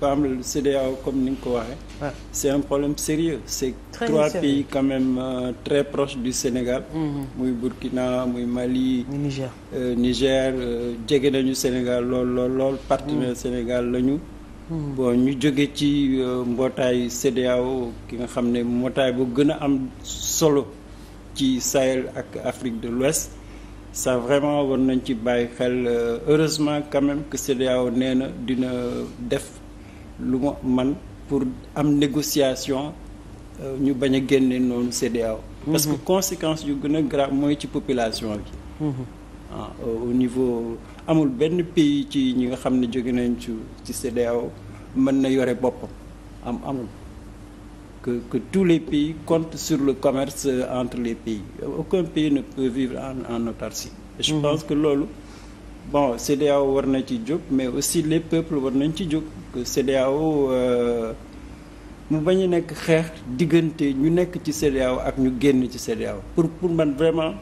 par exemple CEDEAO comme ni nga ko waxee. c'est un problème sérieux c'est trois sérieux. pays quand même euh, très proches du Sénégal. Mm-hmm. muy Burkina muy Mali. Niger euh, euh, jege nañu Sénégal lool lool lool. Mm. Sénégal lañu. Mm. bon ñu jóge ci euh, mbootaayu CEDEAO ki nga xam ne mbootaay bu gën a am solo ci Sahel ak Afrique de l'Ouest ça vraiment war nañ ci bàyyi xel heureusement quand même que CEDEAO nee na dina def lu ma man pour am négociation euh, ñu bañ a génne noonu CEDEAO parce que mhm. conséquence yu gën a grave mooy ci population bi mhm. ah euh, au niveau amul benn pays ci ñi nga xam ne jóge nañ ci ci CEDEAO mën na yore boppam am amul que que tous les pays comptent sur le commerce entre les pays aucun pays ne peut vivre en en autarcie je mhm. pense que loolu bon CEDEAO war na ci jóg mais aussi les peuples war nañ ci jóg que CEDEAO euh, mu bañ a nekk xeex diggante ñu nekk ci CEDEAO ak ñu génn ci CEDEAO pour pour man vraiment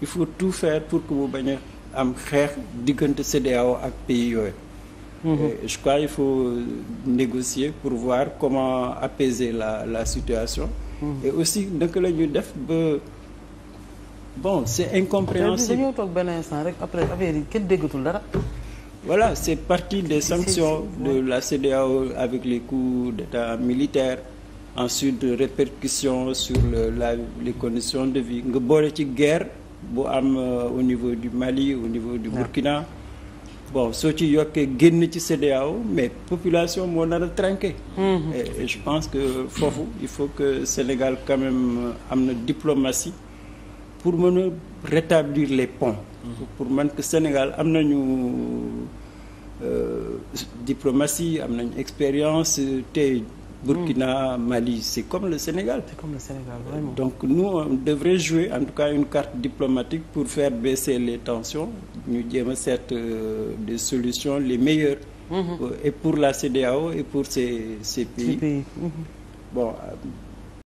il faut tout faire pour que mu bañ a am xeex diggante CEDEAO ak pays yooyu. Mm-hmm. je crois il faut négocier pour voir comment apaiser la la situation. Mmh. et aussi naka la def ba. bon c' est incompréhensible dañoo toog benn instant rek après affaire yi kenn déggatul dara. voilà c' partie des sanctions de la CEDEAO avec les coups d'état militaire ensuite répercussions sur le, la les conditions de vie nga boole ci guerre bu am euh, au niveau du Mali au niveau du ah. Burkina bon soo ci yokkee génn ci CEDEAO mais population moo nar a mhm. et je pense que foofu il faut que Sénégal quand même euh, am na diplomatie pour mën a rétablir les ponts. Mhm. pour man que Sénégal am nañu euh, diplomatie am nañu expérience te. Burkina, mhm. Mali c'est comme le Sénégal. comme le Sénégal vraiment. donc nous on devrait jouer en tout cas une carte diplomatique pour faire baisser les tensions ñu jéem a seet euh, des solutions les meilleures. Mm et pour la CEDEAO et pour ces pays. Mhm.